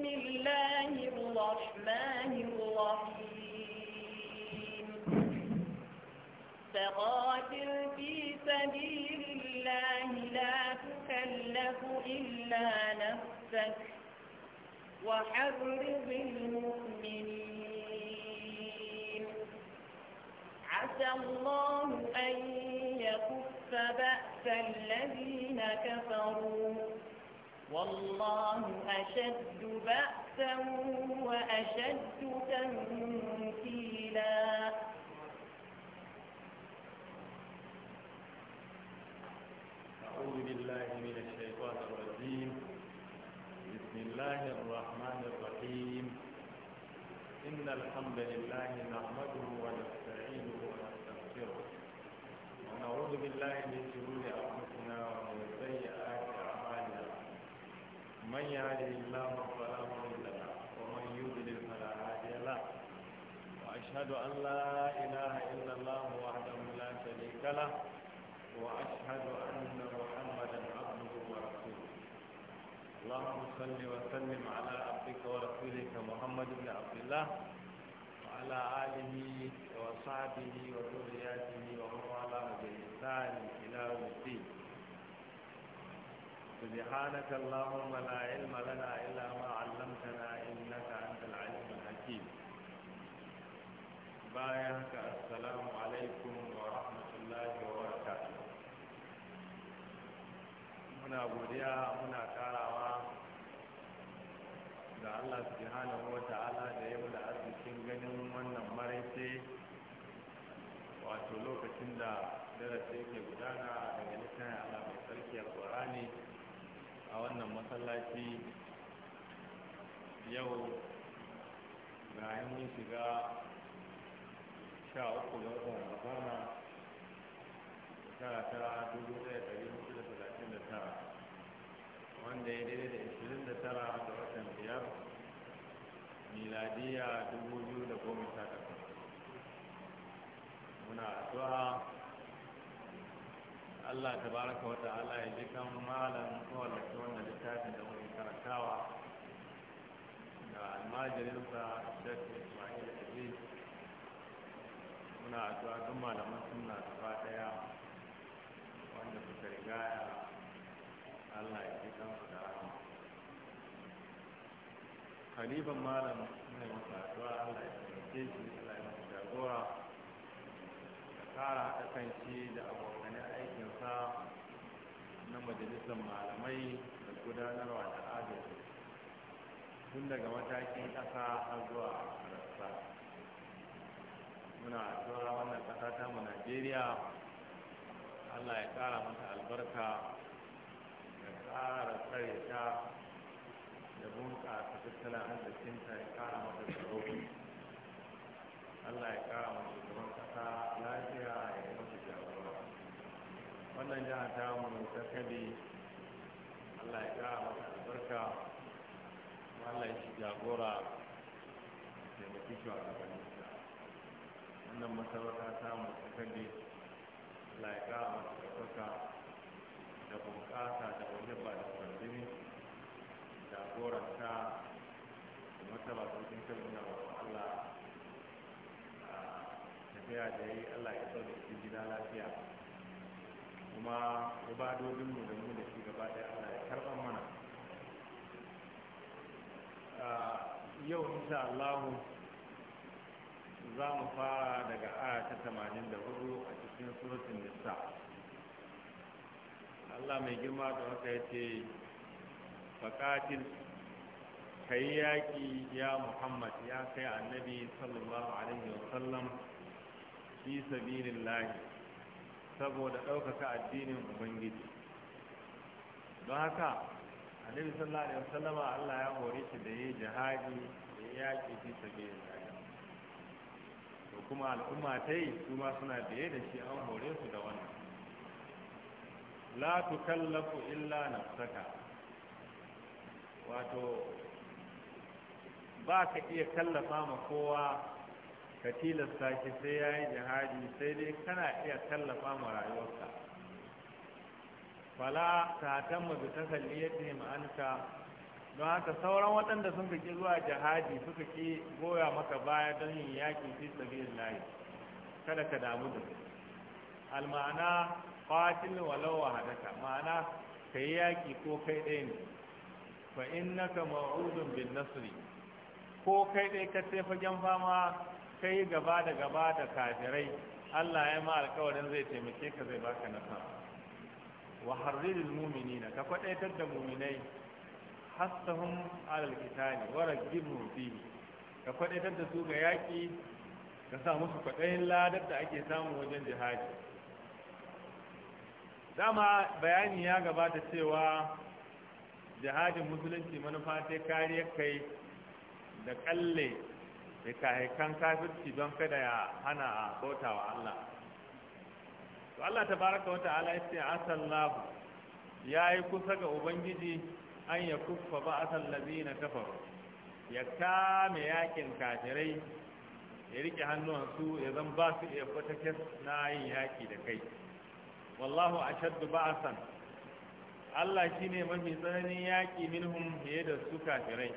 بسم الله الرحمن الرحيم فقاتل في سبيل الله لا تكلف إلا نفسك وحرض المؤمنين عسى الله أن يكف بأس الذين كفروا والله أشد بأسا وأشد تنكيلا أعوذ بالله من الشيطان الرجيم بسم الله الرحمن الرحيم إن الحمد لله نحمده ونستعينه ونستغفره ونعوذ بالله من شرور أنفسنا من يهده الله فلا مضل له ومن يضلل فلا هادي له واشهد ان لا اله الا الله وحده لا شريك له واشهد ان محمدا عبده ورسوله اللهم صل وسلم على عبدك ورسولك محمد بن عبد الله وعلى اله وصحبه وذرياته ومن والاه باحسان الى يوم الدين سبحانك اللهم لا علم لنا إلا ما علمتنا إنك أنت العلم الحكيم بايعك السلام عليكم ورحمة الله وبركاته muna godiya muna karawa da Allah subhanahu wa ta'ala da yau da arzikin ganin wannan maraice wato lokacin da darasi ke gudana daga littafin Allah mai sarki alqur'ani a wannan masallaci yau ga mun shiga sha uku ga watan rafana shara ta dubu ɗaya ɗari hudu da talatin da tara wanda ya daidai da ishirin da tara da watan biyar miladiya dubu biyu da goma sha takwas muna addu'a Allah ta baraka wa ta'ala ya ji kan malam mawallaki wannan littafin da muke karantawa da almajirinsa Sheikh Ismail Aziz muna addu'a duk malaman suna gaba ɗaya, wanda suka rigaya Allah ya ji kan su da rahama Khaliban malam muna yi masa addu'a Allah ya taimake shi Allah ya masa jagora da kara haɗa kan shi da abokan aikinsa na majalisar malamai da gudanarwa da adalci tun daga matakin ƙasa har zuwa rassa muna addu'a wannan ƙasa ta mu najeriya allah ya ƙara mata albarka ya ƙara tsare ta da bunƙasa tattalin arzikinta ya ƙara mata tsaro allah ya ƙara mata shugaban ƙasa lafiya ya yi wannan jiha ta mu ta kabe allah ya kara mata albarka allah ya shi jagora da mafi shugabanninsa wannan masarauta ta mu ta kabe allah ya kara mata albarka da bunƙasa da wajaba da kwanjini ta da martaba cikin kalmi na wasu allah tafiya da ya yi allah ya sau da gida lafiya kuma mu da mu da shi gaba ɗaya Allah ya karɓar mana yau insha Allah za mu fara daga aya ta hudu a cikin suratul nisa Allah mai girma da haka ya ce faƙatil ka yi yaƙi ya muhammad ya kai annabi sallallahu alaihi wasallam fi sabilillahi saboda ɗaukaka addinin ubangiji don haka annabi sallallahu alaihi wasallam Allah ya hore shi da yayi jihadi da yaƙi fi sabilillah to kuma al'umma ta yi su ma suna biye da shi an hore su da wannan la tukallafu illa nafsaka wato ba ka iya kallafa ma kowa ka tilasta shi sai ya yi jihadi sai dai kana iya tallafa ma rayuwarka fala ta tamma bi tasalliyatihim anka don haka sauran waɗanda sun ki zuwa jihadi suka ki goya maka baya don yin yaƙi fi sabilillah kada ka damu da su alma'ana qatil walau hadaka ma'ana kai yaki ko kai ɗaya ne fa innaka maw'udun bin nasri ko kai ɗaya ka tafi fagen fama kai gaba da gaba da kafirai Allah ya ma alkawarin zai taimake ka zai baka nasara wa harridil mu'minina ka kwadaitar da mu'minai hasahum alal qitali wa raghibhum fi ka kwadaitar da su ga yaki ka sa musu kwadayin ladar da ake samu wajen jihadi dama bayani ya gabata cewa jihadin musulunci manufa ta kariyar kai da kalle da kahikan kafirci don kada ya hana a bauta Allah to Allah ta tabaraka wata ya ce asallahu ya yi kusa ga ubangiji an ya kuffa ba asal na kafar ya kame yakin kafirai ya riƙe hannuwansu ya zan ba su iya kwatakes na yin yaki da kai wallahu a ashaddu ba'asan Allah shi ne mafi tsananin yaƙi minhum fiye da su kafirai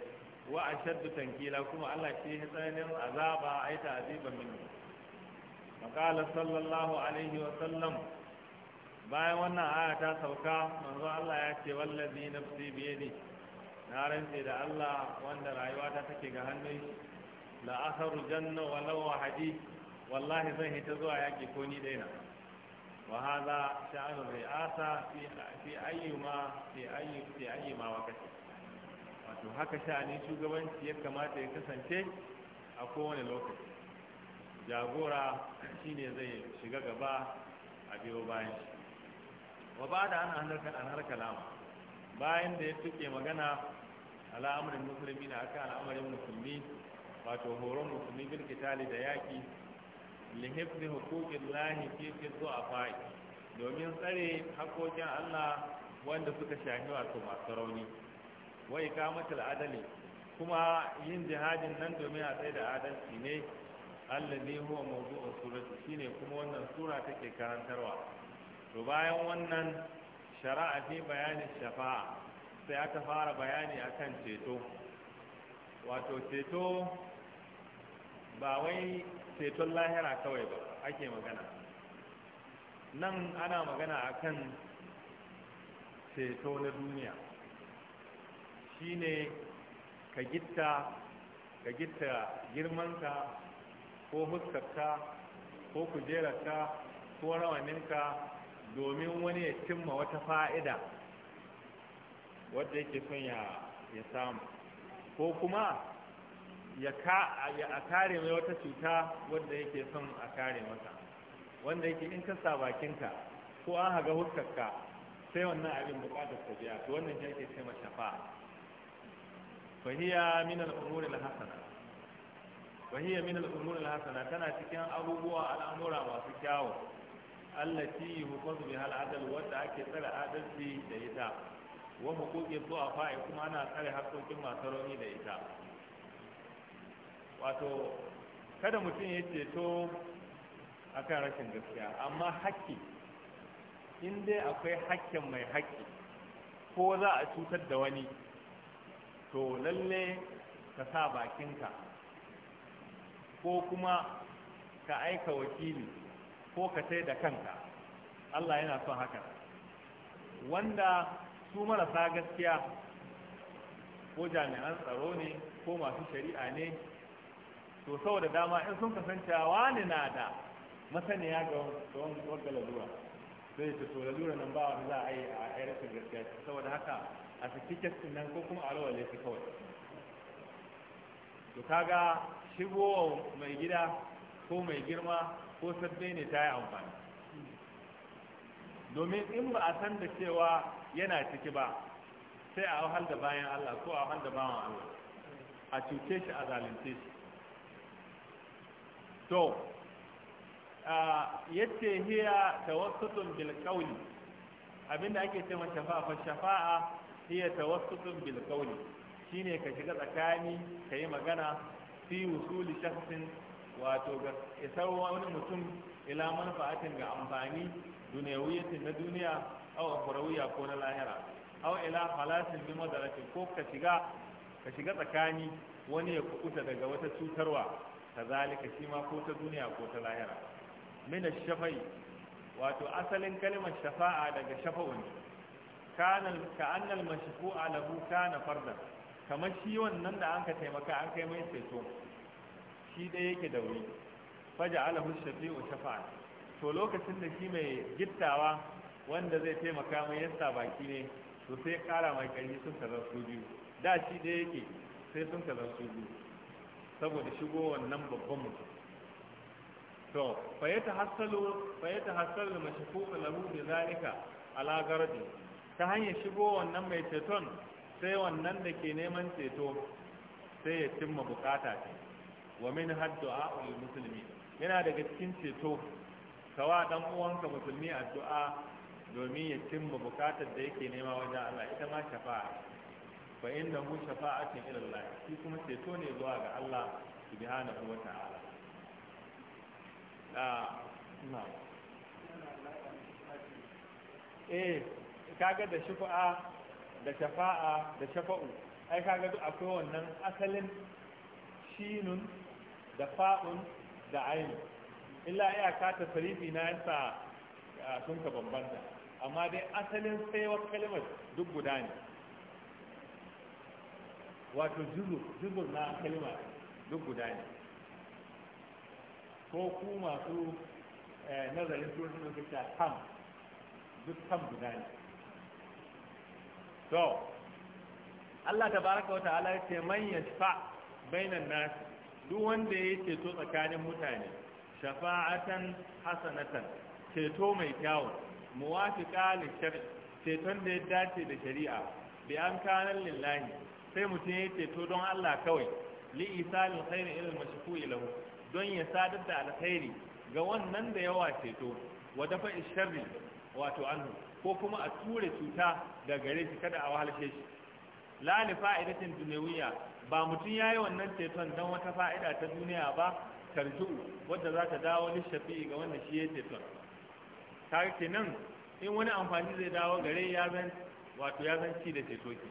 wa ashaddu tankila kuma Allah shi ya tsananin azaba yi ta'ziban min faqala sallallahu alaihi wa sallam bayan wannan aya ta sauka manzo Allah ya ce wallazi nafsi bi yadi na rantse da Allah wanda rayuwa ta take ga hannun la akharu janna walau wahadi wallahi zan hita zuwa yaki ko ni daina wa hadha sha'anu ri'asa fi ayyuma fi ayyuma fi ayyuma to haka sha'anin shugabanci ya kamata ya kasance a kowane lokaci jagora shine zai shiga gaba a biyo bayan shi wa ba da ana an harka lama bayan da ya tuke magana al'amarin musulmi na aka al'amarin musulmi wato horon musulmi birki tali da yaki li da huquqin lahi a fai domin tsare hakokin Allah wanda suka shafi wato masu rauni Wai ikamatul adali kuma yin jihadin nan domin a tsaye da adalci ne allazi huwa mawdu'u surati shine kuma wannan sura take karantarwa to bayan wannan shara'a fi bayanin shafa'a sai aka fara bayani akan ceto wato ceto ba wai ceton lahira kawai ba ake magana nan ana magana akan ceto na duniya shine ka gitta ka gitta girmanka ko huskarta ko kujerarta ko rawaninka domin wani ya cimma wata fa'ida wadda yake son ya samu ko kuma ya kare mai wata cuta wadda yake son a kare masa wanda yake in ka sa bakinka ko an haga huskarka sai wannan abin bukatar ta biya to wannan shi ake ce fahiya min al hasana fahiya min al hasana tana cikin abubuwa al'amura masu kyawu allati yuqadu biha al wanda wadda ake tsare adalci da ita wa huquqi du'afa kuma ana tsare haƙƙoƙin masu rauni da ita wato kada mutum ya ceto akan rashin gaskiya amma haƙƙi in dai akwai haƙƙin mai haƙƙi ko za a cutar da wani to lalle ka sa bakinka ko kuma ka aika wakili ko ka sai da kanka Allah yana son haka wanda su marasa gaskiya ko jami'an tsaro ne ko masu shari'a ne to saboda dama in sun kasance wani na da masaniya ga wani lalura sai ta to lalura nan ba wani za a yi a rashin gaskiya saboda haka a saki kestin nan ko kuma a rawar laifi kawai to kaga shigowa mai gida ko mai girma ko sabbe ne ta yi amfani domin in ba a san da cewa yana ciki ba sai a wahal da bayan Allah ko a wahal da bawan Allah a cuce shi a zalunce shi to yace hiya tawassutun bil qawli abinda ake cewa shafa'a shafa'a hiya tawassutun bil qawli shine ka shiga tsakani ka yi magana fi wusuli shakhsin wato ga isar wani mutum ila manfa'atin ga amfani duniyawiyatin na duniya aw akhrawiya ko na lahira aw ila khalasin bi madarati ko ka shiga ka shiga tsakani wani ya kubuta daga wata cutarwa kazalika shi ma ko ta duniya ko ta lahira min ash-shafai wato asalin kalmar shafa'a daga shafa'un kana ka'annal ala alahu kana fardan kamar shi wannan da an ka taimaka an kai mai ceto shi da yake da wuri faja alahu wa shafa'a to lokacin da shi mai gittawa wanda zai taimaka mai yasa baki ne to sai kara mai karfi sun ka su biyu da shi da yake sai sun ka su biyu saboda shigo wannan babban mutum to fa yata hasalu fa yata hasalu mashfu alahu bi zalika ala garadi ta hanyar shigo wannan mai ceton sai wannan da ke neman ceto sai ya cimma bukata ce wa min haddu'a ul musulmi yana daga cikin ceto kawa dan uwanka musulmi addu'a domin ya cimma bukatar da yake nema wajen Allah ita ma shafa'a fa inda mu shafa'atin ila Allah shi kuma ceto ne zuwa ga Allah subhanahu wa ta'ala ah eh kaga da shufa'a da shafa'a da shafa'u ai kaga duk akwai wannan asalin shinun da fa'un da ayin illa iyaka ta sarifi na yasa sun ka bambanta amma dai asalin wata kalimar duk guda ne wato juzu na kalma duk guda ne ko ku masu eh, nazarin turin da suka ham duk ham guda ne to Allah tabaraka wata'ala ya ce man yashfa bainan nas duk wanda ya ceto tsakanin mutane shafa'atan hasanatan ceto mai kyawu muwafiqa li shar'i ceton da ya dace da shari'a bi an kana lillahi sai mutum ya ceto don Allah kawai li isalil khairi ila al-mashfu'i lahu don ya sadar da alkhairi ga wannan da yawa ceto wa dafa'i sharri wato anhu ko kuma a ture cuta da gare shi kada a wahalce shi la fa'idatin dunyawiyya ba mutum yayi wannan ceton dan wata fa'ida ta duniya ba tarju wadda za ta dawo lishafi ga wannan shi ya ceton kaga kenan in wani amfani zai dawo gare ya zan wato ya zan ci da ceto ki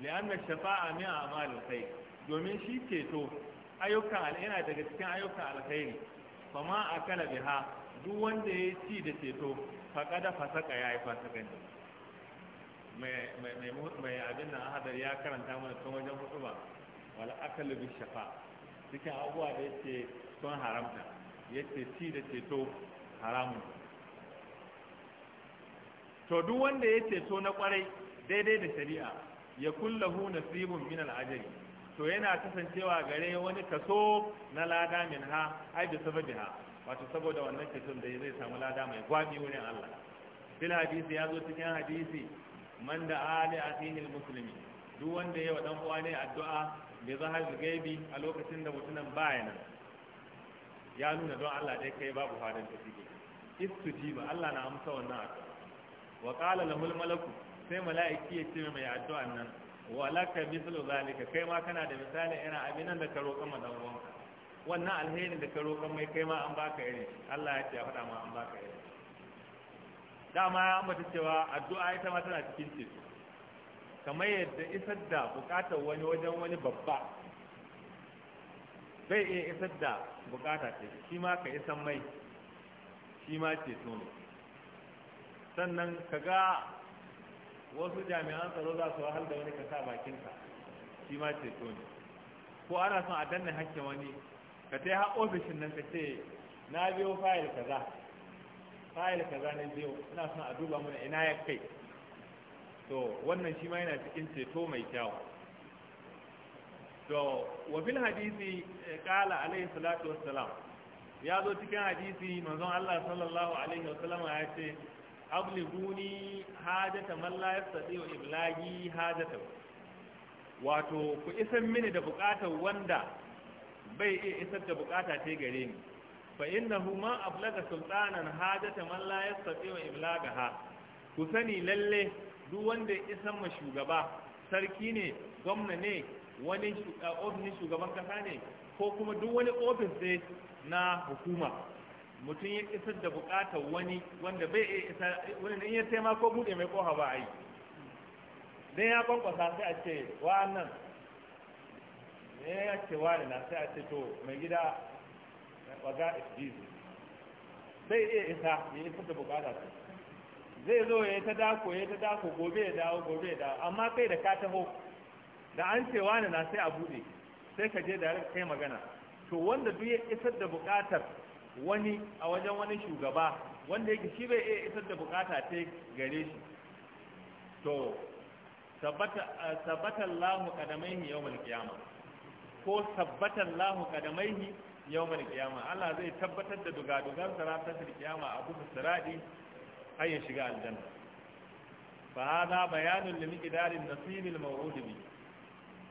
li'anna shafa'a min a'malil khair domin shi ceto ayyukan yana daga cikin ayyukan alkhairi fama akala biha duk wanda ya ci da ceto faƙada fasaka ya yi fasikanci mai abin nan ahadar ya karanta mana tun wajen hudu ba wala akalu bi shafa cikin abubuwa da yake sun haramta yake ci da ceto haramun to duk wanda ya ceto na kwarai daidai da shari'a ya kullahu nasibun min al'ajari to yana kasancewa gare wani kaso na lada min ha ai bi ha wato saboda wannan kitun da zai samu lada mai gwabi wurin Allah fil hadisi ya zo cikin hadisi man da ali akhihil muslimi duk wanda ya wa dan uwa ne addu'a bi zahar gaibi a lokacin da mutunan baya nan ya nuna don Allah dai kai babu fadan ta ciki istujiba Allah na amsa wannan addu'a wa qala lahul malaku sai mala'iki ya ce mai addu'an nan wa laka mithlu zalika kai ma kana da misali irin nan da ka roƙa madan uwanka wannan alherin da ka roƙon mai kai ma an baka irin Allah ya ce ya faɗa ma an baka Da dama ya ambata cewa addu'a ita ma tana cikin ceto kamar yadda isar da buƙatar wani wajen wani babba bai iya isar da buƙata ce shi ma ka isan mai shi ma ceto ne sannan ka ga wasu jami'an tsaro za su wahal da wani ka sa bakinka shi ma ceto ne ko ana son a danna hakkin wani ka ta ha ofishin nan ka ce na biyo fayil kaza fayil kaza na biyo ina son a duba mana ina ya kai to wannan shi ma yana cikin ceto mai kyau to wafin hadisi kala eh, alaihi salatu wassalam ya zo cikin hadisi manzon Allah sallallahu alaihi wasallam ya ce abliguni hajata man la wa iblaghi hajata wato ku isan mini da bukatar wanda bai iya isar da bukata ta gare ni fa innahu ma ablaga sultanan hajata man la yastati wa iblagaha ku sani lalle duk wanda ya isar ma shugaba sarki ne gwamna ne wani ofishin shugaban kasa ne ko kuma duk wani ofis ne na hukuma mutum ya isar da bukata wani wanda bai iya isar wani in ya taimako bude mai koha ba a yi dan ya kwankwasa sai a ce wa'annan me ya ce wani na sai a ce to mai gida waga is busy zai iya isa ya isa da bukata su zai zo ya yi ta dako ya ta dako gobe ya dawo gobe ya dawo amma kai da ka taho da an ce wani na sai a buɗe sai ka je da kai magana to wanda duk ya isar da bukatar wani a wajen wani shugaba wanda yake shi bai iya isar da bukata ta gare shi to tabbata Allahu qadamaihi yawmal qiyamah ko tabbatan lahu kadamaihi yawmal qiyama Allah zai tabbatar da dugadugan sara ta kiyama a bisa saradi har ya shiga aljanna fa hada bayanin limi idarin nasibil maw'ud bi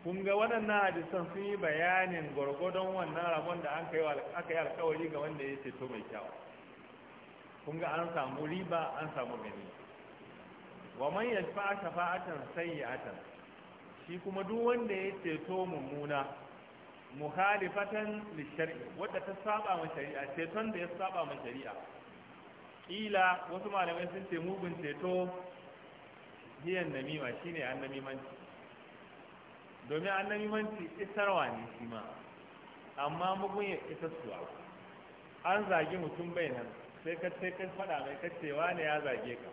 kun ga waɗannan hadisan sun yi bayanin gwargwadon wannan rabon da an kai aka yi alkawari ga wanda ya ceto mai kyau? kun ga an samu riba an samu gani wa man yashfa shafa'atan sayyi'atan shi kuma duk wanda ya ceto mummuna Muhalifatan lishari'a. wadda ta saba ma shari'a ceton da ya saba ma shari'a Ila wasu malamai sun ce mugun ceto hiyan namima shine annamimanci domin namimanci isarwa ne shi ma amma mugun ya isa suwa an zagi mutum bai nan sai ka sai ka faɗa mai kacewa ne ya zage ka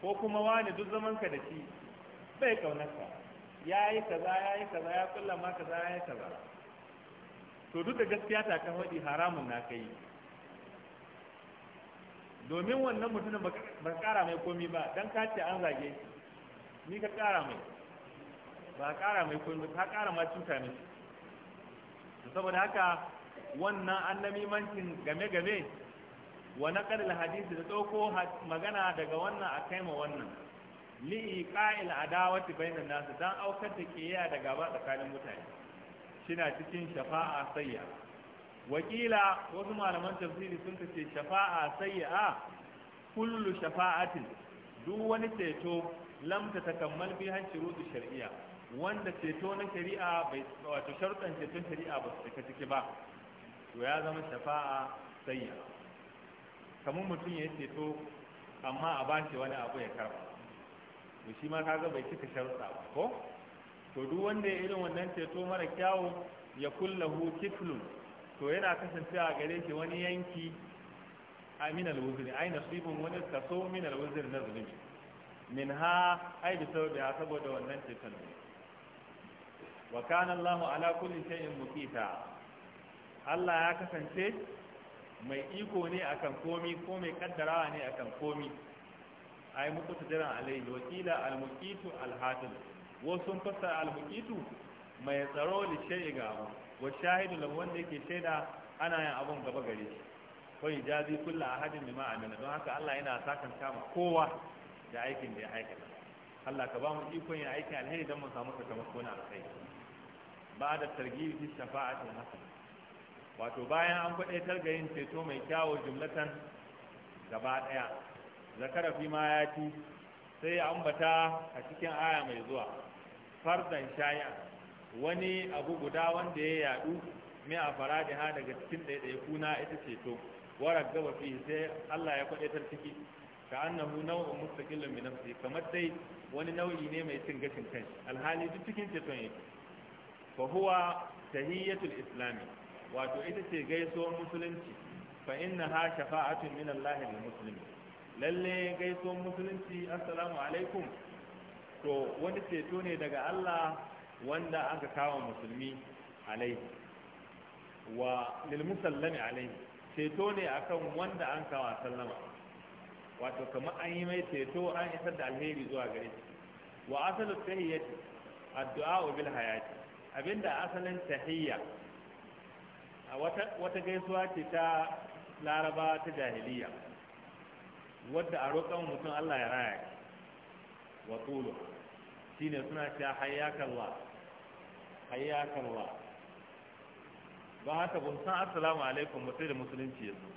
ko kuma wani duk zamanka da shi bai kaunarsa ya yi kaza ya yi kaza ya kulla ma kaza ya yi kaza to duk da gaskiya ta kan haɗi haramun na kai domin wannan mutumin ba ƙara mai komi ba don ka ce an zage ni ka ƙara mai ba ƙara mai komi ka ƙara ma cuta Da saboda haka wannan annamimancin game-game wa naƙar hadisi da ɗauko magana daga wannan a kaima wannan li iqa'il adawati bainan nas dan aukar da kiyaya da gaba tsakanin mutane shina cikin shafa'a sayya wakila wasu malaman tafsiri sun ce shafa'a sayya kullu shafa'atin duk wani ceto lam ta takammal bi har shurutu shar'iyya wanda ceto na shari'a bai wato sharuɗan ceton shari'a ba su cika ciki ba to ya zama shafa'a sayya kamar mutum ya ceto amma a bashi wani abu ya karba to shi ma kaga bai cika sharuɗa ba ko to duk wanda ya irin wannan ceto mara kyawu ya kullahu kiflun to yana kasancewa gare shi wani yanki a minal wuzir ai nasibin wani kaso minal wuzir na zunubi min ha ai bi da saboda wannan ceton ne wa kana Allah ala kulli shay'in muqita Allah ya kasance mai iko ne akan komi ko mai kaddarawa ne akan komi ai muqtadiran alaihi wa qila al muqitu al hatim wa sun fasa al muqitu mai tsaro li shay'i ga abu wa shahidu lahu wanda yake shaida ana yin abun gaba gare shi ko ijazi kullu ahadin bima amila don haka Allah yana sakan kama kowa da aikin da ya aikata Allah ka ba mu ikon yin aikin alheri don mu samu sakamako na alheri ba da targibi fi shafa'atin hasana wato bayan an faɗe targayin ceto mai kyawo jumlatan gaba ɗaya zakara fi ma ya ci sai ya ambata a cikin aya mai zuwa fardan shaya wani abu guda wanda ya yadu mai a faradi ha daga cikin ɗaiɗaya kuna ita ce to warar gaba fi sai Allah ya kwaɗe ciki ka annahu nau'in mustaqillun min nafsi kamar dai wani nau'i ne mai cin gashin kai alhali duk cikin ceton yake fa huwa tahiyatul islami wato ita ce gaisuwar musulunci fa ha shafa'atun min Allah lil muslimin lalle gaisuwan musulunci assalamu alaikum to wani ceto ne daga Allah wanda aka kawo musulmi alaihi wa lil musallami alaihi ceto ne akan wanda an kawo sallama wato kamar an yi mai ceto an isar da alheri zuwa gare shi wa asalu tahiyyati addu'a bil hayati abinda asalin tahiyya wata gaisuwa ce ta laraba ta jahiliya wadda a roƙon mutum Allah ya raya ki wa tulu ne suna cewa hayyakallah hayyakallah ba haka kun san assalamu alaikum sai da musulunci ya zo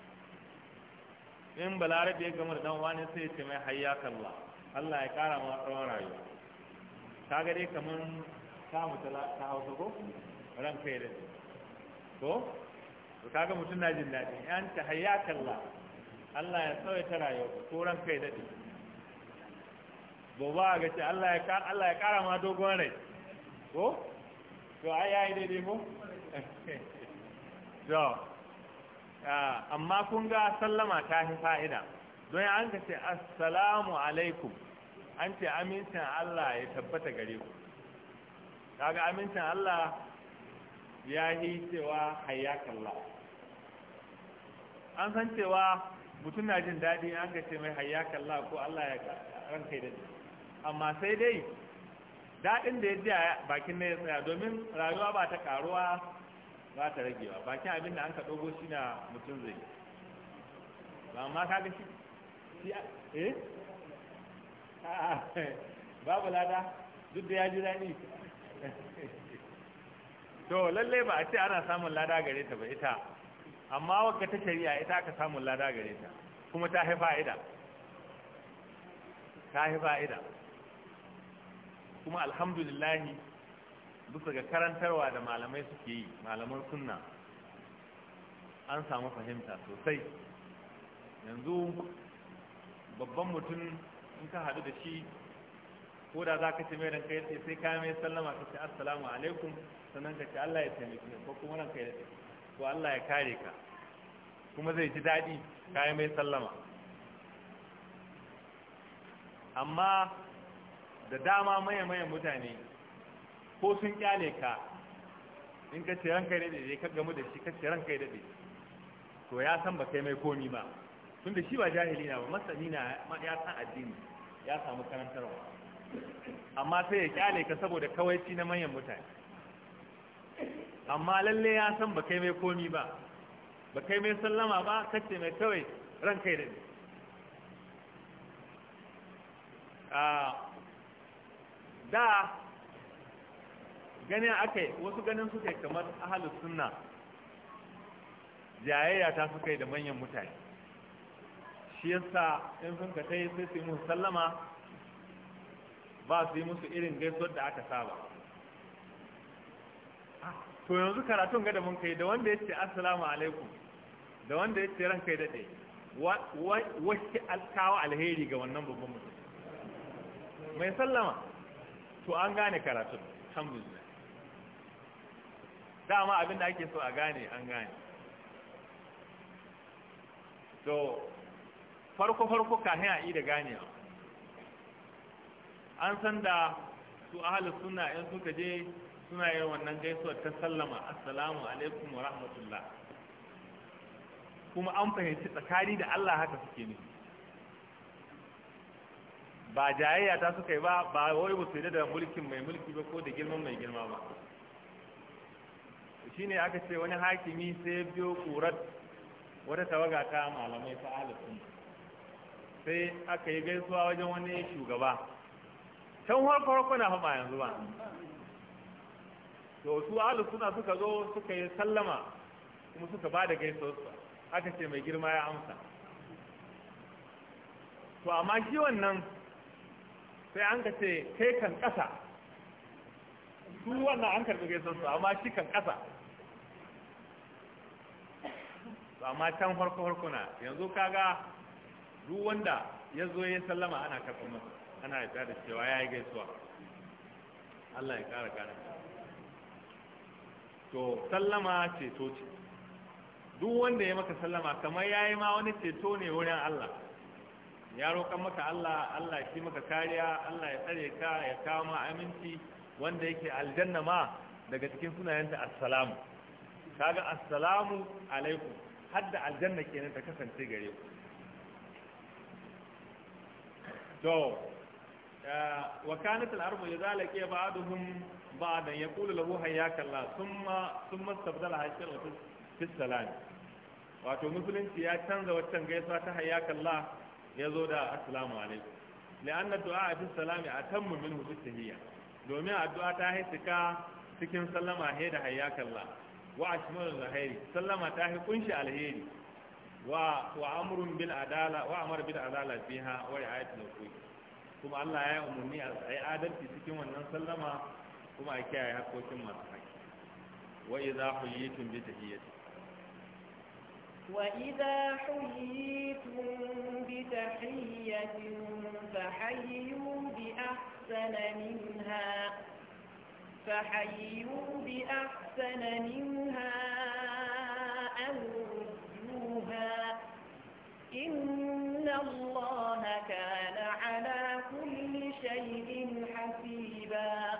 in balarabe ya gama da dan wani sai ya ce mai hayyakallah Allah ya kara ma tsawon rayuwa ka ga dai kamar ka mutu ta hausa ko ranka ya da ko ka kaga mutum na jin daɗi yan ta hayyakallah Allah ya ta rayuwa turan kai daɗi ba ba ga ce Allah ya ƙara ma dogon rai ko? to ai yi daidai ko? to amma kun ga sallama ta fi fa'ida don an ka ce assalamu alaikum an ce amincin Allah ya tabbata gare ku kaga amincin Allah ya yi cewa hayyakallah an san cewa mutum na jin daɗi an ga ce mai hayyakan La ko Allah ya ranka da amma sai dai daɗin da ya ji a bakin na ya tsaya domin rayuwa ba ta karuwa ba ta ragewa bakin abin da an ka ɗogo shi na mutum zai Ba amma ka ga shi eh babu lada duk da ya ji daɗi to lallai ba a ce ana samun lada gare ta ba ita amma wadda ta shari'a ita aka samun lada gare ta kuma ta haifa ida, ta haifa ida kuma alhamdulillahi bisa ga karantarwa da malamai suke yi malamar sunna an samu fahimta sosai yanzu babban mutum in ka hadu da shi ko da za ka ce mai ranka ya sai kame mai sallama ka ce assalamu alaikum sannan ka ce allah ya taimaki ko kuma ranka ya taimaki to Allah ya kare ka kuma zai ji daɗi kayan mai sallama amma da dama maye-mayen mutane ko sun kyale ka in ka ce ranka yi daɗe ka gamu da shi ka ce ranka yi daɗe to ya san ba kai mai komi ba tun da shi ba jahili na ba masani na ya san addini ya samu karantarwa amma sai ya kyale ka saboda kawaici na manyan mutane amma lalle ya san ba kai mai komi ba ba kai mai sallama ba kace mai kawai ran kai da ni. da ganin akai wasu ganin suka yi kamar ahalus sunna jayayya ta suka yi da manyan mutane shi yasa in sun ka sai su yi musu sallama ba su yi musu irin gaisuwar da aka saba ah, to yanzu karatun ga da mun kai da wanda ya ce assalamu alaikum da wanda ya ce ran kai daɗe wacce alkawa alheri ga wannan babban mutum mai sallama to an gane karatun alhamdulillah dama abin da ake so a gane an gane to farko-farko kafin a yi da gane an san da su ahalus suna in suka je suna yin wannan gaisuwar ta sallama assalamu alaikum wa rahmatullah kuma an fahimci tsakani da Allah haka suke ne ba jayayya ta suka yi ba ba wai ba su da mulkin mai mulki ba ko da girman mai girma ba shi ne aka ce wani hakimi sai biyo ƙurar wata tawaga ta malamai ta alifin sai aka yi gaisuwa wajen wani shugaba can farko harko na fama yanzu ba to su ahlus suna suka zo suka yi sallama kuma suka ba da gaisuwarsa aka ce mai girma ya amsa to amma shi wannan sai an ka ce kai kan ƙasa su wannan an karɓi gaisuwarsa amma shi kan ƙasa amma can farko farko na yanzu kaga duk wanda ya zo ya sallama ana karɓar masa ana ya da cewa ya yi gaisuwa Allah ya ƙara ƙara to sallama ceto ce duk wanda ya maka sallama kamar ya ma wani ceto ne wurin Allah ya roƙan maka Allah Allah shi maka kariya Allah ya tsare ka ya kawo ma aminci wanda yake aljanna ma daga cikin sunayenta assalamu kaga assalamu alaikum hadda aljanna kenan ta kasance gare ku to eh, wa kanat al-ardu yadhalika ba'duhum بعد أن يقول له حياك الله ثم ثم استبدل هاشر في السلام wato musulunci ya canza waccan gaisuwa ta hayyaka Allah ya zo da assalamu alaikum li'anna du'a fi salami atammu minhu fi tahiyya domin addu'a ta haisika cikin sallama he da hayyaka Allah wa ashmalu alkhairi sallama ta hi kunshi alheri wa wa amrun bil adala wa amr bil adala fiha wa ri'ayatul kuma Allah ya umarni a adalci cikin wannan sallama kuma a kiyaye hakokin masu haƙi wa iza huyitum bi tahiyyati wa iza huyitum bi tahiyyatin hayyu bi ahsana minha فحيوا بأحسن منها أو ردوها إن الله كان على كل شيء حسيبا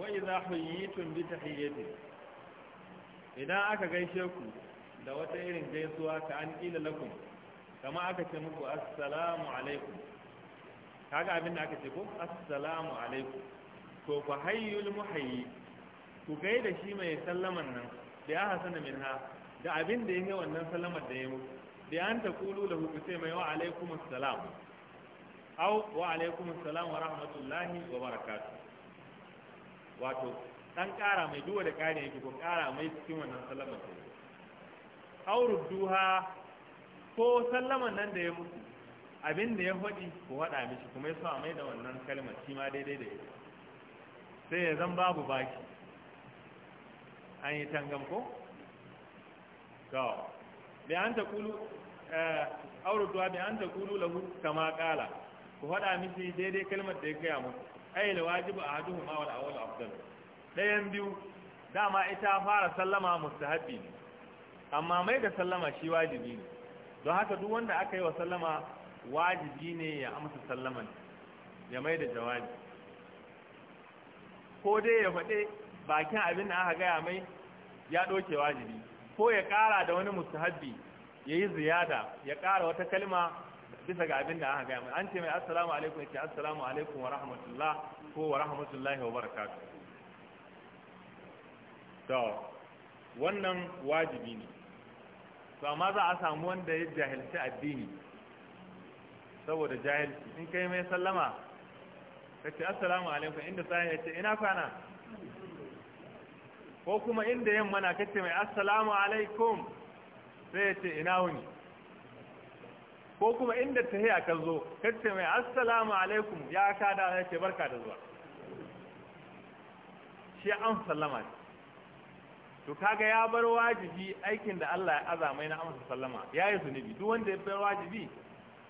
wa yi huyitum bi tahiyyati idan aka gaishe ku da wata irin gaisuwa ka an ila lakum kama aka ce muku assalamu alaikum kaga abin da aka ce ko assalamu alaikum to fa hayyul muhayyi ku gai da shi mai sallaman nan da ya hasana minha da abin da yake wannan sallamar da ya muku da an ta kulu da ku ce mai wa alaikum assalam au wa alaikum assalam wa rahmatullahi wa barakatuh wato dan kara mai duwa da kare yake ko kara mai cikin wannan sallama ta yi auru duha ko sallaman nan da ya mutu abin da ya faɗi ko waɗa mishi kuma ya sa mai da wannan kalmar shi ma daidai da ita sai ya zan babu baki an yi tangam ko? gawa bai an ta kulu eh, duha bai an ta kulu lahu kama kala ku faɗa mishi daidai kalmar da ya gaya muku ai a wajibu ma wal awwal afdal dayan biyu dama ita fara sallama mustahabi ne amma mai da sallama shi wajibi ne don haka duk wanda aka yi wa sallama wajibi ne ya amsa sallaman ya mai da jawabi ko dai ya faɗe bakin abin da aka gaya mai ya ɗauke wajibi ko ya ƙara da wani mustahabi ya yi ziyada ya ƙara wata kalma bisa ga abin da aka gaya mai an ce mai assalamu alaikum ya ce assalamu alaikum wa rahmatullah ko wa rahmatullahi wa barakatu. to wannan wajibi ne to amma za a samu wanda ya jahilci addini saboda jahilci in kai mai sallama ka ce assalamu alaikum inda sayan ya ce ina kwana ko kuma inda yamma na kace mai assalamu alaikum sai ya ce ina wuni ko kuma inda tahiya ka zo kace mai assalamu alaikum ya ka da ce barka da zuwa shi an sallama to kaga ya bar wajibi aikin da Allah ya azama na amsa sallama yayi zunubi duk wanda ya bar wajibi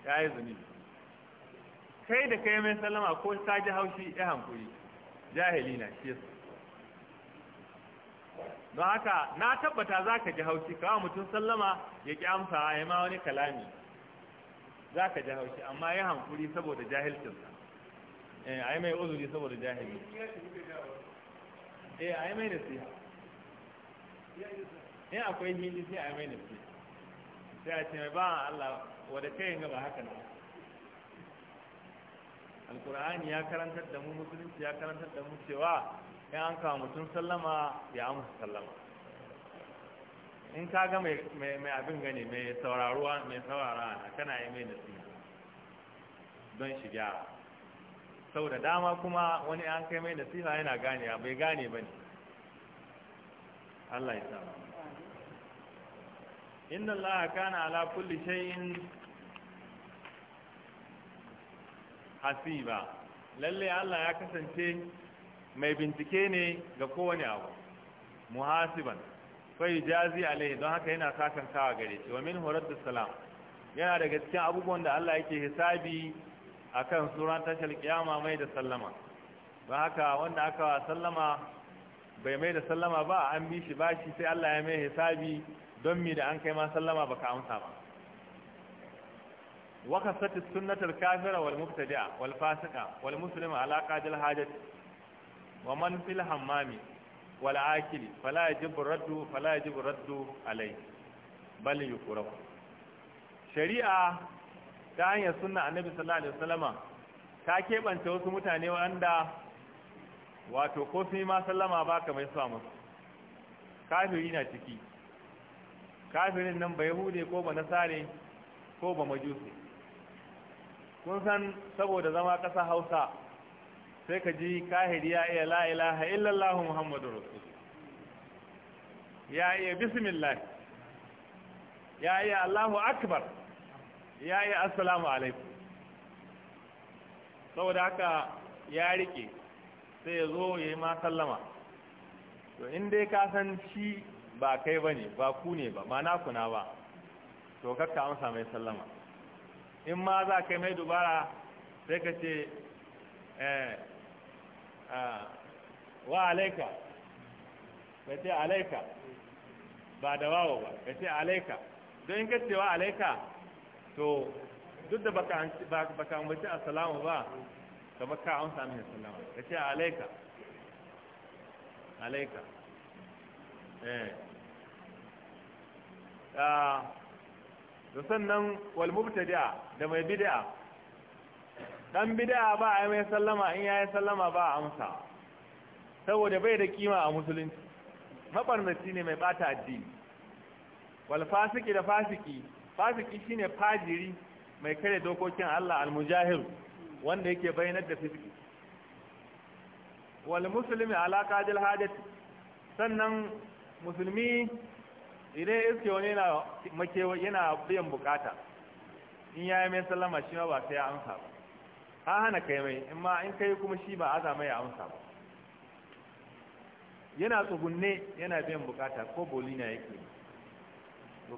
yayi zunubi kai da kai mai sallama ko ta ji haushi ya hankuri jahili na shi don haka na tabbata za ka ji haushi kawo mutum sallama ya ki amsa ya ma wani kalami za ka ji haushi amma ya hankuri saboda jahilcinsa eh ai mai uzuri saboda jahili eh ai mai siya eh akwai hindi sai ai mai siya sai a ce mai ba Allah wanda kai ga ba haka ne alkur'ani ya karantar da mu musulunci ya karantar da mu cewa in an kawo mutum sallama ya amsa sallama in ka ga mai abin gani mai sauraruwa mai saurara kana yi mai nasiha don shi gyara sau da dama kuma wani an kai mai nasiha yana gane bai gane ba ne Allah ya sama inda Allah na ala kulli shay'in hasiba lalle Allah ya kasance mai bincike ne ga kowane abu muhasiban fai jazi alai don haka yana sakan kawa gare shi wa min horar da salam yana daga cikin abubuwan da Allah yake hisabi a kan suran tashar kiyama mai da sallama don haka wanda aka wa sallama bai mai da sallama ba an bi shi ba shi sai Allah ya mai hisabi don mi da an kai ma sallama ba ka amsa ba waka sati sunnatar kafira wal mubtadi'a wal fasika wal muslima ala qadil hajat wa man fil hammami wala akili fala yajibu raddu fala yajibu raddu alai bal yukrahu shari'a ta hanyar sunna annabi sallallahu alaihi wasallama ta kebanta wasu mutane wanda wato ko sun yi ma sallama ba ka mai sa kafiri na ciki kafirin nan ba yahude ko ba nasare ko ba majusi kun san saboda zama ƙasa hausa sai ka ji kahiri ya iya la’ilaha ilaha illallah muhammadu rasul ya iya bismillah ya iya allahu akbar ya iya assalamu alaikum saboda haka ya rike sai ya zo ya yi ma sallama to in dai ka san shi ba kai ba ne ba ku ne ba ba kuna ba to kakka amsa mai sallama in ma za ka mai dubara sai ka ce eh, Ah. wa alaika ka ce alaika ba da wawo ba ka ce alaika don in ka ce wa alaika to duk da baka a salamu ba kamar ka amsa min assalamu ka ce alaika alaika eh da ah. sannan wal da mai bid'a dan bid'a ba a mai sallama in yayi sallama ba a amsa saboda bai da kima a musulunci mabarnaci ne mai bata addini wal fasiki da fasiki fasiki shine fajiri mai kare dokokin Allah al-mujahir wanda yake bayyana da fiski wal muslimi ala qadil sannan musulmi idan iske wani na makewa yana biyan bukata in yayi mai sallama shi ba sai ya amsa ba ka hana kai mai in ma in kai kuma shi ba aza mai amsa ba yana tsugunne yana biyan bukata ko bolina yake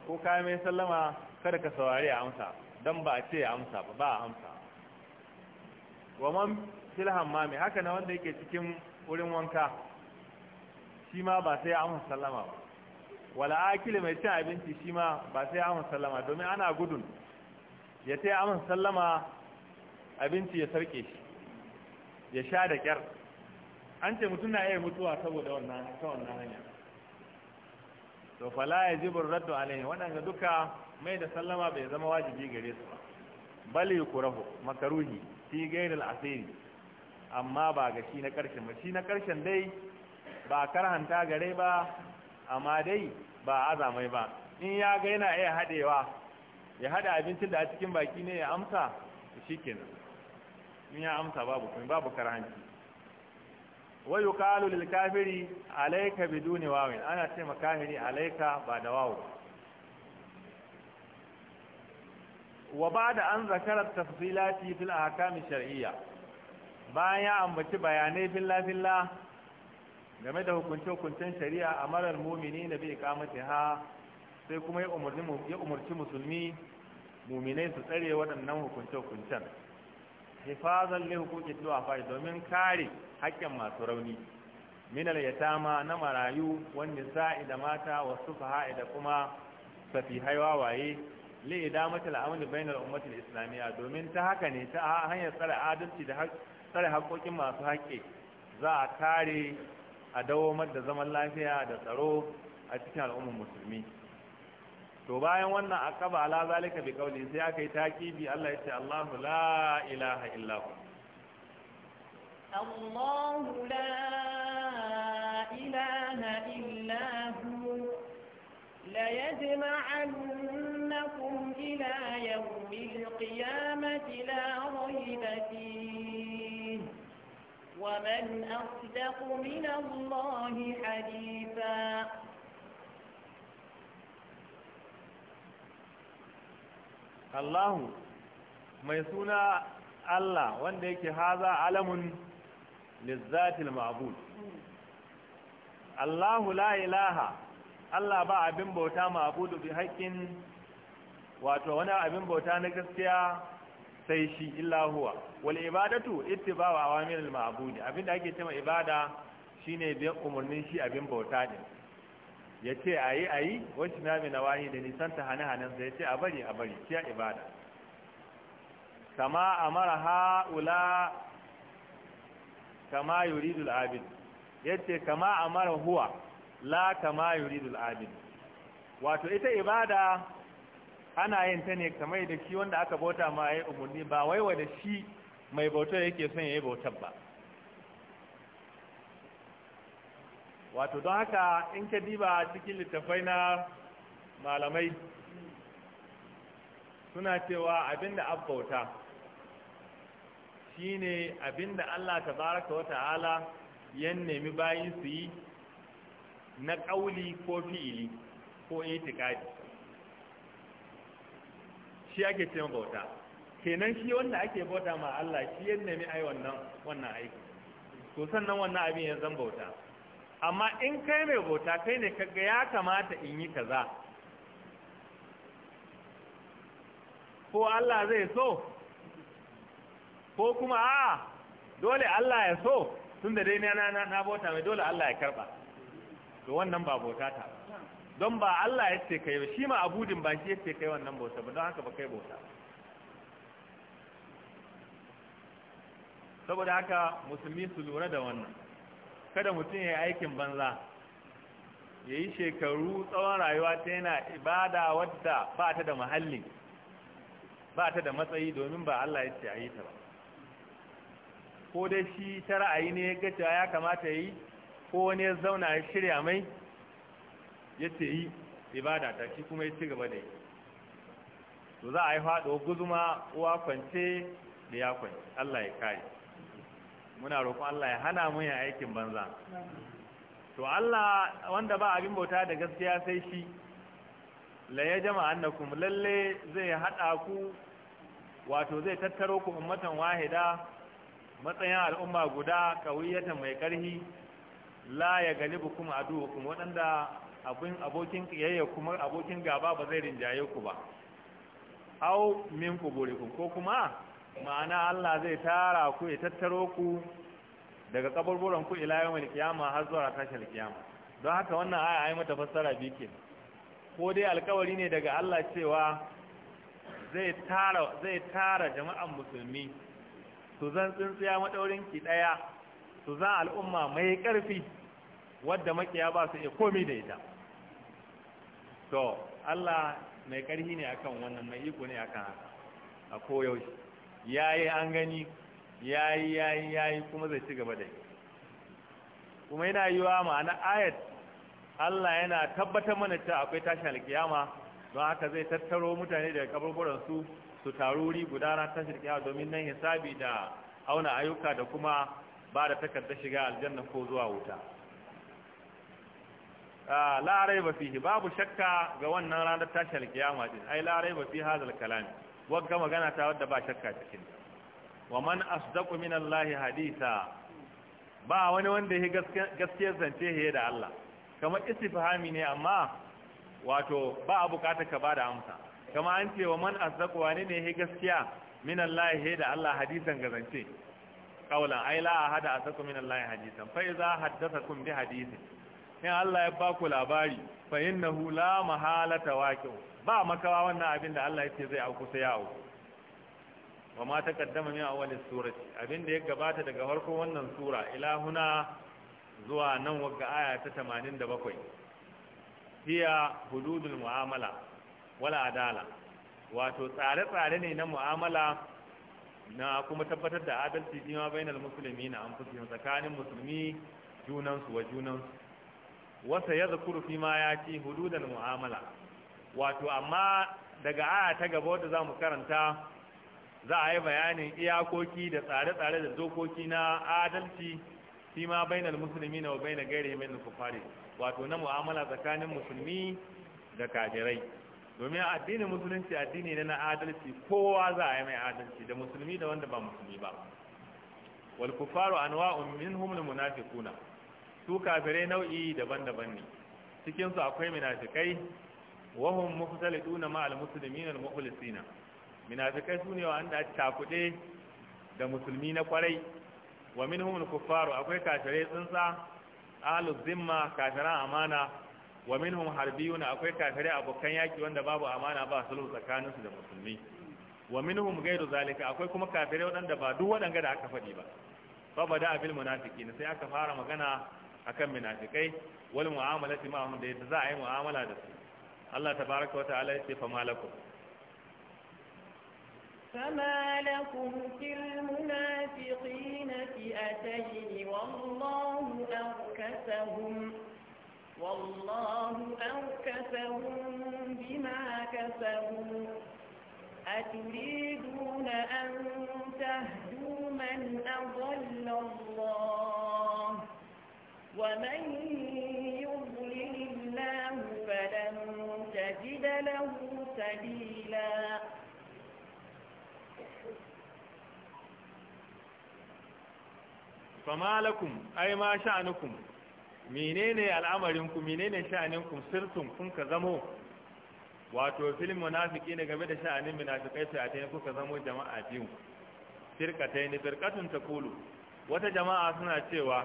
ko kayan mai sallama kada ka saurari a amsa don ba a ce ya amsa ba ba a amsa wa man filhan mami haka na wanda yake cikin wurin wanka shi ma ba sai amsa sallama ba wala akili mai cin abinci shi ma ba sai amsa sallama domin ana gudun ya sai amsa sallama abinci ya sarke shi ya sha da kyar an ce mutum na iya mutuwa saboda wannan ta wannan hanya to fala yajibu raddu alaihi waɗanda duka mai da sallama bai zama wajibi gare su ba Bali bal yukrahu makaruhi fi gairi al'asiri asiri amma ba ga shi na ƙarshen ba shi na ƙarshen dai ba karhanta gare ba amma dai ba azamai ba in ya ga yana iya haɗewa. ya haɗa abincin da a cikin baki ne ya amsa shi kenan in ya amsa babu kuma babu karhanci Wai yuqalu lil kafiri alayka biduni wawin ana ce ma kafiri alayka ba da wawu wa ba'da an zakara tafsilati fil ahkam shar'iyya bayan ya ambaci bayanai filla filla game da hukunce-hukuncen shari'a a marar mumini na kamata ha sai kuma ya umarci musulmi muminai su tsare waɗannan hukunce-hukuncen hifazan li tuwa du'afa domin kare haƙƙin masu rauni Minar yatama na marayu wani sa'i da mata wa sufaha da kuma waye, waye li idamatil amni bainal ummati islamiyya domin ta haka ne ta hanyar tsare adalci da tsare hakokin masu haƙƙi za a kare a dawo da zaman lafiya da tsaro a cikin al'ummar musulmi to bayan wannan akaba ala zalika bi kauli sai akai yi takibi Allah yace Allahu la ilaha illa hu Allahu la ilaha illa hu la yajma'annakum ila yawmil qiyamati la rayba fi wa man أصدق من الله حديثا Allahu mai suna Allah wanda yake haza alamun lizzatil ma'bud Allahu la ilaha Allah ba abin bauta ma'budu bi haƙƙin wato wani abin bauta na gaskiya sai shi illa huwa wal ibadatu ittiba'u awamiril ma'budi Abin da ake cewa ibada shine bi umarnin shi abin bauta din ya ce a yi a yi wasu na mai nawahi da ta hane sai ya ce a bari a bari ciya ibada kama a mara ha'ula kama yuridul abin ya ce kama a mara huwa la kama yuridul abin wato ita ibada ana yin ta ne kamar da shi wanda aka bauta ma ya yi umarni ba waiwa da shi mai bautar yake son ya yi bautar ba wato don haka in ka diba cikin littafai na malamai suna cewa abinda abbauta shine abinda Allah tabaraka wata ta'ala ya nemi bayin su yi na ƙauli ko fi'ili ko itikadi shi ake ce bauta kenan shi wanda ake bauta ma Allah shi ya nemi ai wannan wannan aiki to sannan wannan abin ya zan bauta amma in kai mai bauta kai ne kaga ya kamata in yi kaza ko Allah zai so ko kuma a dole Allah ya so tun da dai na na bauta mai dole Allah ya karba to wannan ba bauta ta don ba Allah ya ce kai ba shi ma abudin ba shi ya ce kai wannan bauta ba don haka ba kai bauta saboda haka musulmi su lura da wannan kada mutum ya yi aikin banza ya yi shekaru tsawon rayuwa ta yana ibada wadda ba ta da mahalli ba ta da matsayi domin ba Allah ya ce a yi ta ba ko dai shi ta ra'ayi ne ya gace ya kamata ya yi ko wani ya zauna ya shirya mai ya ce yi ibada ta shi kuma ya ci gaba da yi to za a yi faɗo guzuma uwa kwance da ya kwance Allah ya kare muna roƙon Allah ya hana mu yin aikin banza to Allah wanda ba abin bauta da gaskiya sai shi la ya jama annakum lalle zai hada ku wato zai tattaro ku ummatan wahida matsayin al'umma guda kawiyatan mai karhi la ya galibu kuma kuma wadanda abin abokin kiyayya kuma abokin gaba ba zai rinjaye ku ba au min kuburikum ko kuma ma'ana Allah zai tara ku ya tattaro ku daga kaburburan ku ila yawon kiyama har zuwa tashar kiyama don haka wannan aya ai mata fassara bi ke ko dai alkawari ne daga Allah cewa zai tara zai tara jama'an musulmi su zan tsintsiya madaurin ki daya su zan al'umma mai karfi wadda makiya ba su iya komai da ita to Allah mai karhi ne akan wannan mai iko ne akan haka a koyaushe yayi an gani yayi yayi yayi kuma zai ci gaba da yi kuma yana yiwa ma'ana ayat Allah yana tabbatar mana cewa akwai tashin alkiyama don haka zai tattaro mutane daga kaburburan su su taruri gudana tashin alkiyama domin nan hisabi da auna ayyuka da kuma ba da takardar shiga aljanna ko zuwa wuta ah, la raiba fihi babu shakka ga wannan ranar tashin alkiyama din ai la raiba fi hadal kalami wagga magana ta wadda ba shakka cikin wa man asdaqu min allahi haditha ba wani wanda ya gaskiyar zance ya da Allah kamar istifhami ne amma wato ba a bukata ka bada amsa kama an ce wa man asdaqu wani ne ya gaskiya min allahi ya da Allah hadisan ga qawlan ay la ahada asdaqu min allahi hadisan fa iza haddathakum bi hadithin in Allah ya baku labari fa innahu la mahalata waqi ba makawa wannan abin da Allah yake zai auku sai ya auku wa ma taqaddama min awwal surati abin da ya gabata daga farkon wannan sura ila huna zuwa nan wagga aya ta 87 hiya hududul muamala wala adala wato tsare-tsare ne na mu'amala na kuma tabbatar da adalci jima bainal musulmi na an tsakanin musulmi junansu wa junansu wasa ya zakuru fi ma ya ci hududan mu'amala wato amma daga aya ta gaba wadda za mu karanta za a yi bayanin iyakoki da tsare-tsare da dokoki na adalci fi ma bainal musulmi na bai na gaire mai nufafari wato na mu'amala tsakanin musulmi da kafirai domin addinin musulunci addini ne na adalci kowa za a yi mai adalci da musulmi da wanda ba musulmi ba wal kufaru anwa'un minhum al munafiquna su kafirai nau'i daban-daban ne cikin su akwai munafikai wa hum mukhtaliduna ma'al muslimin al mukhlisina munafikai sune wanda cakude da musulmi na kwarai wa minhum al kuffaru akwai kafirai tsinsa alus, zimma kafiran amana wa minhum harbiyuna akwai kafirai abokan yaki wanda babu amana ba sulhu tsakaninsu da musulmi wa minhum ghayru zalika akwai kuma kafirai wanda ba duk wadanda aka faɗi ba fa bada abil munafiqin sai aka fara magana akan munafikai wal mu'amalati ma'ahum da yadda za a yi mu'amala da su Allah tabaaraka wa ta'ala ya ce fa malakum فما لكم في المنافقين فئتين والله أركسهم والله أركسهم بما كسبوا أتريدون أن تهدوا من أضل الله ومن يضلل الله فلن تجد له سبيلا fama lakum ai ma sha'anukum menene al'amarinku menene sha'aninku sirtum kun ka zamo wato filin munafiki ne game da sha'anin munafikai fi'atai kuka zamo jama'a biyu firqatai ne ta kulu, wata jama'a suna cewa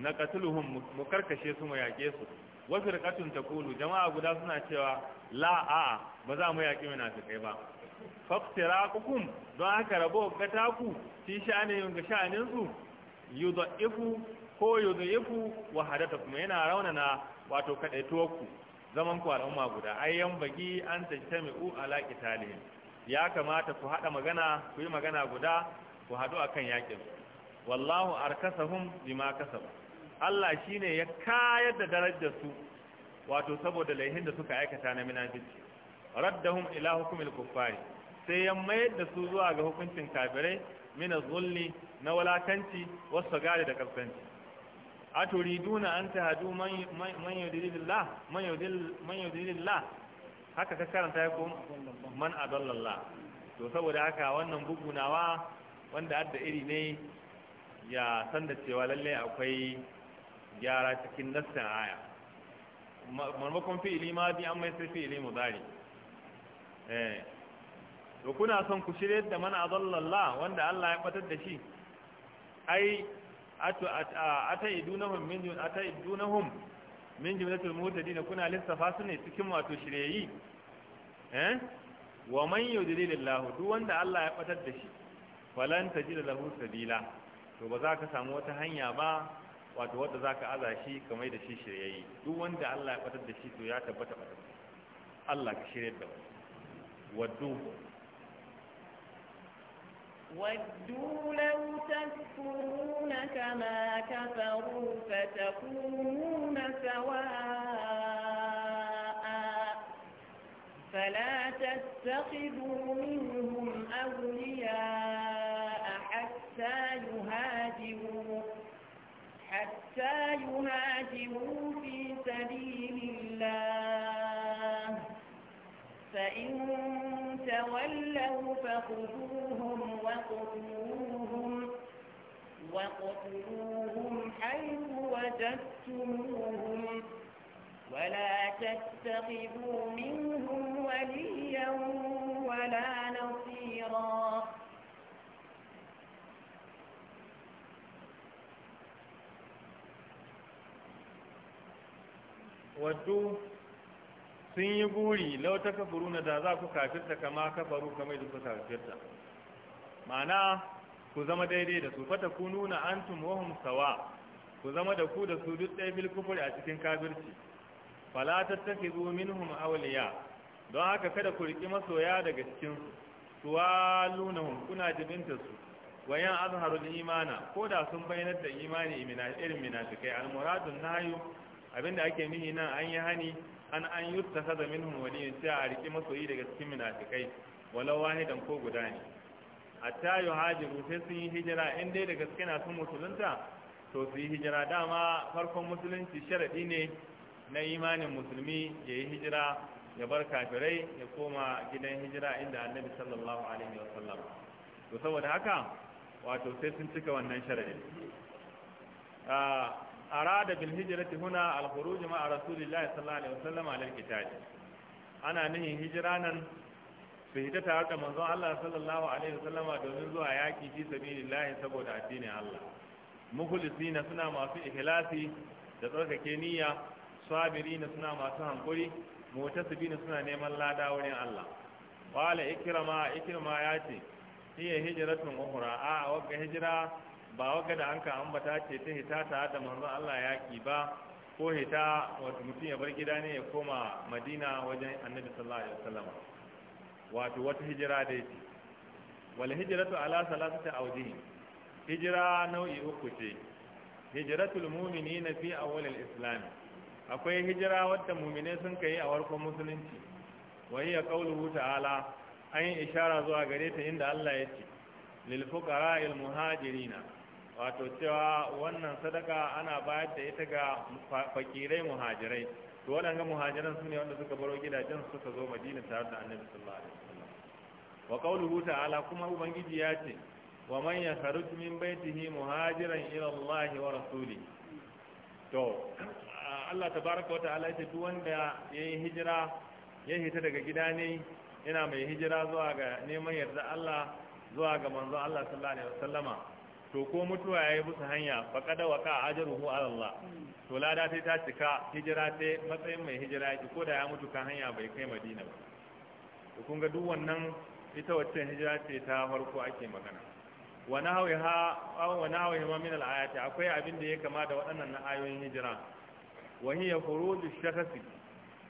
na qatluhum mu karkashe su mu yaƙe su wa firqatun taqulu jama'a guda suna cewa la a ba za mu yaƙi munafikai ba faftiraqukum don haka rabo gataku shi sha'anin yunga sha'anin su yudaifu ko yudaifu wa kuma yana raunana wato kadaituwarku zaman ku al'umma guda ayyan bagi an u ala qitalihim ya kamata ku hada magana ku yi magana guda ku hadu akan yakin wallahu arkasahum bima kasabu Allah shi ne ya kayar da darajar su wato saboda laihin da suka aikata na minafici raddahum ila hukumil kuffari sai ya mayar da su zuwa ga hukuncin kafirai mina zulli na walakanci wasu gari da kafsanci a turiduna an hadu, man yudillillah man yudillillah haka ka karanta ya ko man adallallah to saboda haka wannan bugunawa wanda adda iri ne ya san da cewa lallai akwai gyara cikin nassin aya marmakon fi'ili ma bi an mai sai fi'ili mudari eh to kuna son ku shirye da mana azallallah wanda Allah ya batar da shi ai atu ataidunahum min ataidunahum min jumlatul mutadin kuna lissafa su ne cikin wato shiryeyi eh wa man yudlilillahu duk wanda Allah ya batar da shi falan tajida lahu sabila to ba za ka samu wata hanya ba wato wanda ka aza shi kamar da shi shiryayye duk wanda Allah ya fatar da shi to ya tabbata fatar Allah ka shiryar da mu waddu ودوا لو تكفرون كما كفروا فتكونون سواء فلا تتخذوا منهم أولياء حتى يهاجروا حتى يهاجروا في سبيل الله فإن تولوا فخذوهم وقتلوهم وقتلوهم حيث وجدتموهم ولا تتخذوا منهم وليا ولا نصيرا waddu sun yi buri lau ta kafaru na da za ku kafirta kama kafaru kamar da kuka kafirta ma'ana ku zama daidai da su fata ku nuna an tumohun sawa ku zama da ku da su duk ɗaya bil kufuri a cikin kafirci fala tattakhidhu minhum awliya don haka kada ku riki masoya daga cikin su tuwalunahum kuna jibinta su Wayan imana ko da sun bayyana da imani irin munafikai al muradun abinda ake mihi nan an yi hani an an yutta kaza minhum waliyin sai a riki masoyi daga cikin munafikai walau wahidan ko guda ne hatta hajiru sai sun yi hijira in dai da gaske na sun musulunta to su yi hijira dama farkon musulunci sharaɗi ne na imanin musulmi ya yi hijira ya bar kafirai ya koma gidan hijira inda annabi sallallahu alaihi sallam to saboda haka wato sai sun cika wannan sharadin ah, arada bil hijrati huna al khuruj ma rasulillahi sallallahu alaihi wasallam ala al ana nihin hijira nan su hita tare da manzon Allah sallallahu alaihi wasallama domin zuwa yaki fi sabilillahi saboda addinin Allah mukhlisina suna masu ikhlasi da tsarkake niyya sabirina suna masu hankuri mutasibina suna neman lada wurin Allah wala ikrama ikrama yace hiya hijratun ukhra a wagga hijira ba waka da an ka ambata ce ta hita ta da manzon Allah yaƙi ba ko hita wato mutum ya bar gida ne ya koma madina wajen annabi sallallahu alaihi wasallam wato wata hijira da yake wal hijratu ala salatati awjihi hijira nau'i uku ce hijratul mu'minina fi awwal al-islam akwai hijira wadda mu'mine sun kai a farkon musulunci wa hiya qawluhu ta'ala an yi ishara zuwa gare ta inda Allah ya ce lil fuqara'il muhajirina wato cewa wannan sadaka ana bayar da ita ga fakirai muhajirai to waɗanda muhajiran su wanda suka baro gidajen suka zo madina tare da annabi sallallahu alaihi wasallam wa qawluhu ta'ala kuma ubangiji ya ce wa man yakhruj min baytihi muhajiran ila Allah wa rasuli to Allah tabaaraka wa ta'ala ya ce duk wanda yayi hijira ya hita daga gida ne yana mai hijira zuwa ga neman yarda Allah zuwa ga manzo Allah sallallahu alaihi wasallama to ko mutuwa ya yi musu hanya fa kada waka a ala Allah to lada sai ta cika hijira sai matsayin mai hijira ya ci ko da ya mutu kan hanya bai kai Madina ba to kun ga duk wannan ita wacce hijira ce ta farko ake magana wa nahwiha aw wa min al akwai abin da ya kama da waɗannan ayoyin hijira wa hiya furuju shakhsi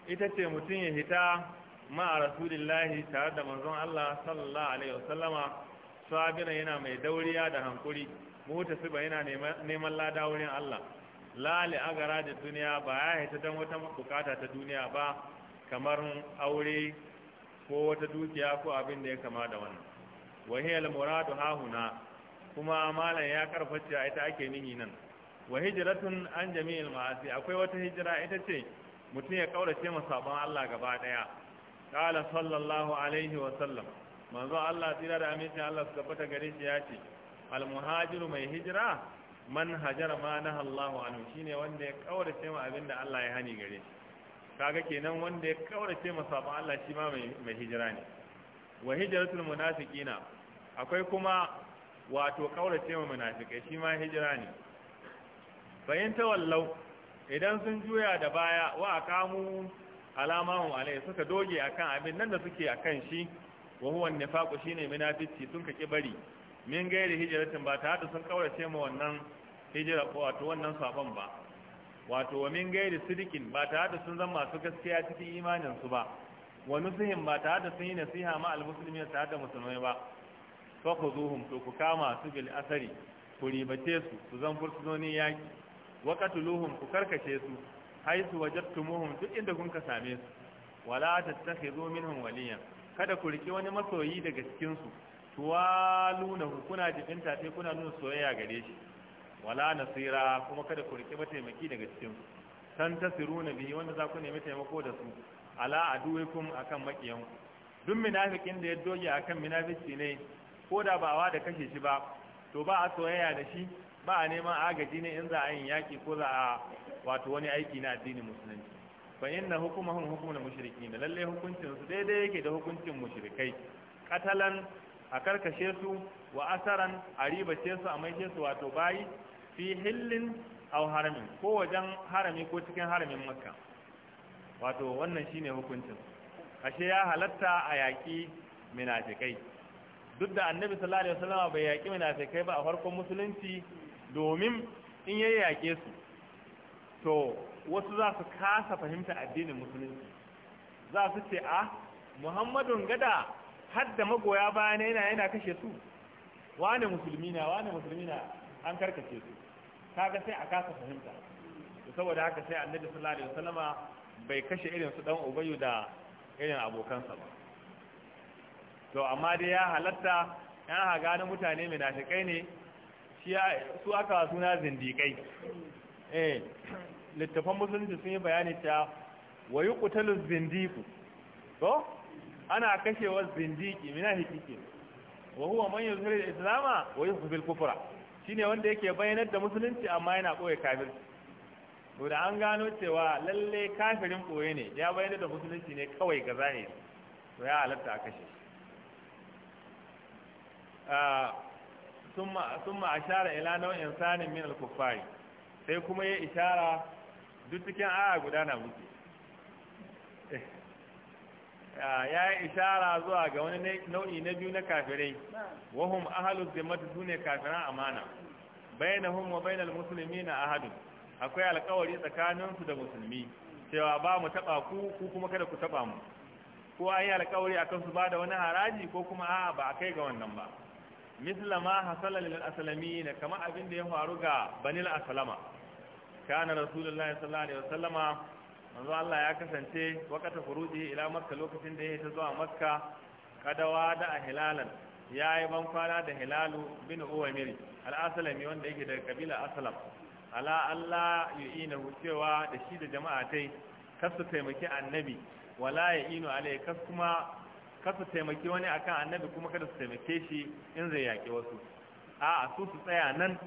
ita ce mutum ya hita ma'a rasulillahi tare da manzon Allah sallallahu alaihi wasallama sabira yana mai dauriya da hankuri mota siba yana neman lada wurin Allah lali agara da duniya ba ya haita don wata bukata ta duniya ba kamar aure ko wata dukiya ko abin da ya kama da wannan wahiyar muradu hahuna kuma malam ya karface ita ake nihi nan wa hijratun an jami'il ma'asi akwai wata hijira ita ce mutum ya kaurace ma sabon Allah gaba daya qala sallallahu alaihi wa sallam manzo Allah tira da aminci Allah suka tabbata gare shi ya ce almuhajiru mai hijira man hajara ma na Allahu anhu shine wanda ya kaurace ma abin Allah ya hani gare shi kaga kenan wanda ya kaurace ma sabon Allah shi ma mai hijira ne wa hijratul munafiqina akwai kuma wato kaurace ma munafiqai shi ma hijira ne bayan tawallau idan sun juya da baya wa aqamu alamahu alai suka doge akan abin nan da suke akan shi wa huwa nifaqu shine munafici ka ki bari min gairi hijratin ba ta hada sun kaurace ma wannan hijira wato wannan sabon ba wato wa min gairi sidikin ba ta hada sun zama masu gaskiya cikin imanin su ba wa nusihin ba ta hada sun yi nasiha ma almuslimin tare da musulmai ba fa khuzuhum to ku kama su bil asari ku ribace su ku zan fursunoni yaki wa qatuluhum ku karkace su haisu wajadtumuhum duk inda kun ka same su wala tattakhidhu minhum waliyan kada ku riki wani masoyi daga cikin su tuwaluna kuna jibinta sai kuna nuna soyayya gare shi wala nasira kuma kada ku riki mataimaki daga cikin su san na biyu wanda za ku nemi taimako da su ala aduwikum akan makiyan duk munafikin da ya doge akan munafici ne ko da ba wa da kashe shi ba to ba a soyayya da shi ba a neman agaji ne in za a yin yaki ko za a wato wani aiki na addinin musulunci fa inna hukumar hukumul na lalle hukuncin su daidai yake da hukuncin mushrikai katalan a karkashe su wa asaran a ribace su a maishe su wato bayi fi hillin au haramin ko wajen harami ko cikin haramin makka wato wannan shine hukuncin ashe ya halatta a yaƙi minafikai duk da annabi sallallahu alaihi wasallam bai yaƙi munafikai ba a farkon musulunci domin in yayi yake su to wasu za su kasa fahimta addinin musulunci za su ce a muhammadun gada hadda magoya bayan yana yana kashe su wane musulmi na wane musulmi na an karkace su kaga sai a kasa fahimta saboda haka sai annabi sallallahu alaihi wasallama bai kashe irin su dan ubayyu da irin abokansa ba to amma dai ya halatta ya haga na mutane mai nashikai ne su aka suna zindikai eh littafan musulunci sun yi bayani ta wa yi kutalin zindiku to ana kashewa zindiki mina hikike wa huwa man yuzhiru al-islama wa yukhfi al-kufra shine wanda yake bayanar da musulunci amma yana koyi kafir to da an gano cewa lalle kafirin koyi ne ya bayanar da musulunci ne kawai ga zahiri to ya halatta a kashe shi ثم اشار الى نوع انسان من الكفار sai kuma ya ishara duk cikin aya guda na wuce eh, ah, ya yi ishara zuwa ga wani nau'i na biyu na kafirai wahum Ahalus zimmatu su ne kafiran amana bainahum wa bainal musulmi na ahadu akwai alkawari tsakaninsu da musulmi cewa ba mu taba ku ku kuma kada ku taba mu ko an yi alkawari akan su ba da wani haraji ko kuma a'a ba a kai ga wannan ba misla ma hasala lil kama abin da ya faru ga banil aslama kana rasulullahi sallallahu alaihi wasallama manzo Allah ya kasance wakata furuji ila makka lokacin da ya ta zuwa makka kadawa da a ya yi da hilalu bin uwamir al'asalami wanda yake daga kabila asalam ala Allah yu'ina cewa da shi da jama'a tai kasu taimaki annabi wala ya inu alai kas kuma kasu taimaki wani akan annabi kuma kada su taimake shi in zai yaƙi wasu a'a su su tsaya nan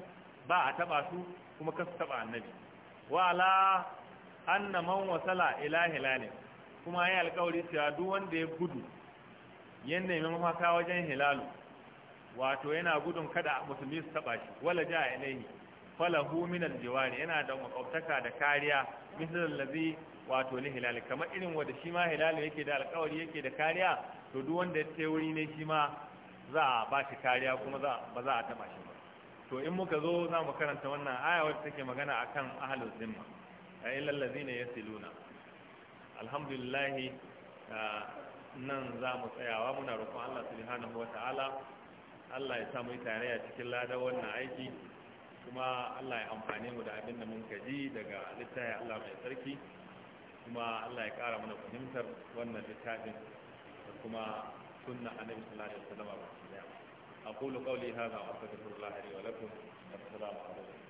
ba a taba su kuma kasu taba annabi Wala, ala anna man wasala ila hilali kuma ya alkawari cewa duk wanda ya gudu ya mafaka wajen hilalu wato yana gudun kada musulmi su taba shi wala ja ilaihi falahu min aljiwari yana da makwabtaka da kariya misal allazi wato li hilali, kamar irin wanda shi ma hilali yake da alkawari yake da kariya to duk wanda ya wuri ne shi ma za a ba shi kariya kuma ba za a taba shi ba to in muka zo za mu karanta wannan aya wacce take magana akan ahlul zimma ya illa allazina yasiluna alhamdulillahi ah, nan za mu tsayawa muna roƙon Allah subhanahu wata'ala Allah ya sa tare a cikin lada wannan aiki kuma Allah ya amfani mu da abin da mun ji daga littafin Allah mai sarki kuma Allah ya ƙara mana fahimtar wannan littafin da kuma sunna annabi sallallahu alaihi wasallam أقول قولي هذا وأستغفر الله لي ولكم والسلام عليكم